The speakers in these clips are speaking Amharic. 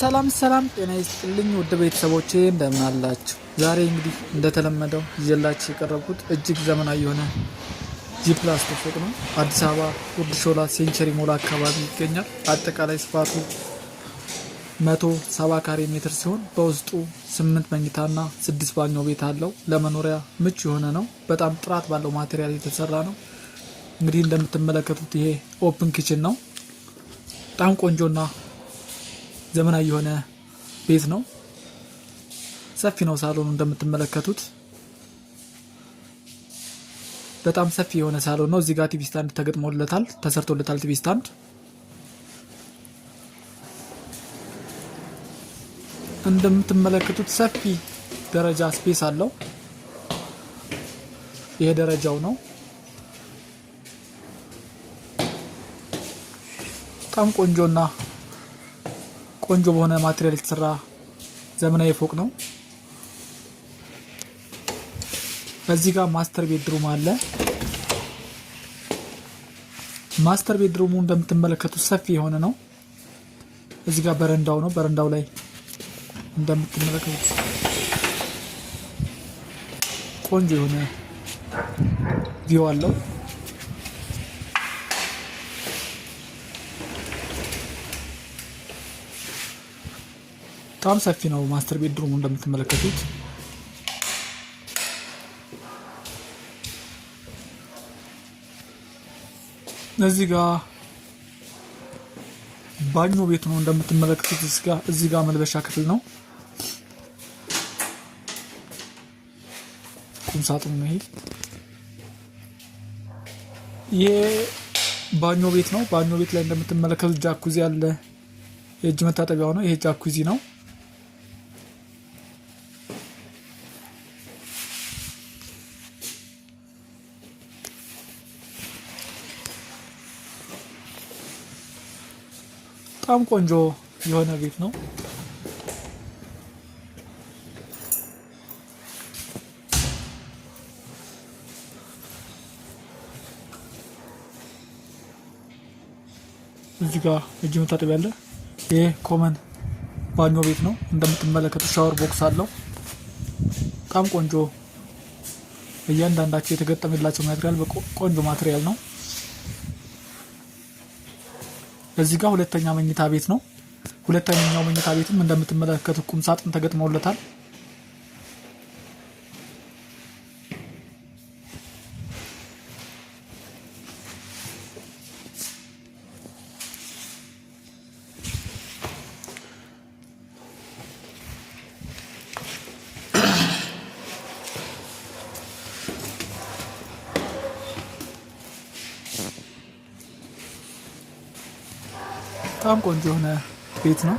ሰላም ሰላም፣ ጤና ይስጥልኝ ውድ ቤተሰቦቼ እንደምን አላችሁ? ዛሬ እንግዲህ እንደተለመደው ይዤላችሁ የቀረብኩት እጅግ ዘመናዊ የሆነ ጂፕላስ ፎቅ ነው። አዲስ አበባ ውድ ሾላ ሴንቸሪ ሞል አካባቢ ይገኛል። አጠቃላይ ስፋቱ መቶ ካሬ ሜትር ሲሆን በውስጡ ስምንት መኝታና ስድስት ባኞ ቤት አለው። ለመኖሪያ ምቹ የሆነ ነው። በጣም ጥራት ባለው ማቴሪያል የተሰራ ነው። እንግዲህ እንደምትመለከቱት ይሄ ኦፕን ኪችን ነው። በጣም ቆንጆና ዘመናዊ የሆነ ቤት ነው። ሰፊ ነው። ሳሎኑ እንደምትመለከቱት በጣም ሰፊ የሆነ ሳሎን ነው። እዚህ ጋር ቲቪ ስታንድ ተገጥሞለታል፣ ተሰርቶለታል ቲቪ ስታንድ። እንደምትመለከቱት ሰፊ ደረጃ ስፔስ አለው። ይሄ ደረጃው ነው። በጣም ቆንጆና ቆንጆ በሆነ ማቴሪያል የተሰራ ዘመናዊ ፎቅ ነው። በዚህ ጋር ማስተር ቤድሩም አለ። ማስተር ቤድሩሙ እንደምትመለከቱት ሰፊ የሆነ ነው። እዚህ ጋር በረንዳው ነው። በረንዳው ላይ እንደምትመለከቱት ቆንጆ የሆነ ቪው አለው። በጣም ሰፊ ነው ማስተር ቤድሩሙ እንደምትመለከቱት። እዚህ ጋር ባኞ ቤት ነው እንደምትመለከቱት። እዚህ ጋር መልበሻ ክፍል ነው። ቁም ነው ይሄ። ባኞ ቤት ነው። ባኞ ቤት ላይ እንደምትመለከቱት ጃኩዚ አለ። የእጅ መታጠቢያው ነው። ይሄ ጃኩዚ ነው። በጣም ቆንጆ የሆነ ቤት ነው። እዚህ ጋር እጅ መታጠቢያ አለ። ይህ ኮመን ባኞ ቤት ነው። እንደምትመለከቱት ሻወር ቦክስ አለው። በጣም ቆንጆ እያንዳንዳቸው የተገጠመላቸው ማቴሪያል ቆንጆ ማቴሪያል ነው። እዚህ ጋር ሁለተኛ መኝታ ቤት ነው። ሁለተኛው መኝታ ቤትም እንደምትመለከቱ ቁም ሳጥን ተገጥሞለታል። በጣም ቆንጆ የሆነ ቤት ነው።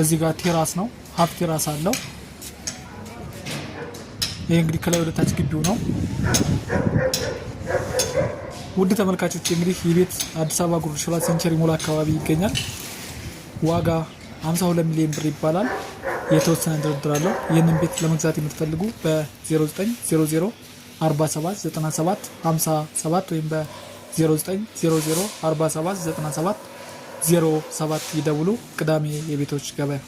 እዚህ ጋር ቴራስ ነው፣ ሀፍ ቴራስ አለው። ይህ እንግዲህ ከላይ ወደ ታች ግቢው ነው። ውድ ተመልካቾች እንግዲህ ይህ ቤት አዲስ አበባ ጉርድ ሾላ ሴንቸሪ ሞል አካባቢ ይገኛል። ዋጋ 52 ሚሊዮን ብር ይባላል። የተወሰነ ድርድር አለው። ይህንን ቤት ለመግዛት የምትፈልጉ በ0900 47 97 57 ወይም በ0900 47 97 07 ይደውሉ። ቅዳሜ የቤቶች ገበያ